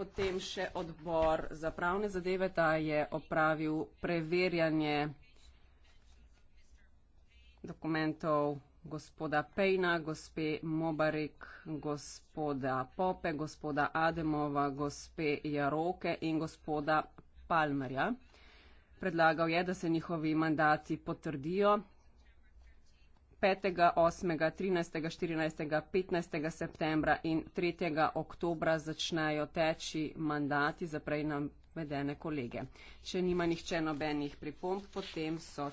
potem še odbor za pravne zadeve, ta je opravil preverjanje dokumentov gospoda Pejna, gospe Mobarek, gospoda Pope, gospoda Ademova, gospe Jaroke in gospoda Palmerja. Predlagal je, da se njihovi mandati potrdijo, 5., 8., 13., 14., 15. septembra in 3. oktobra začnejo teči mandati za prej nam vedene kolege. Če nima nihče nobenih pripomb, potem so.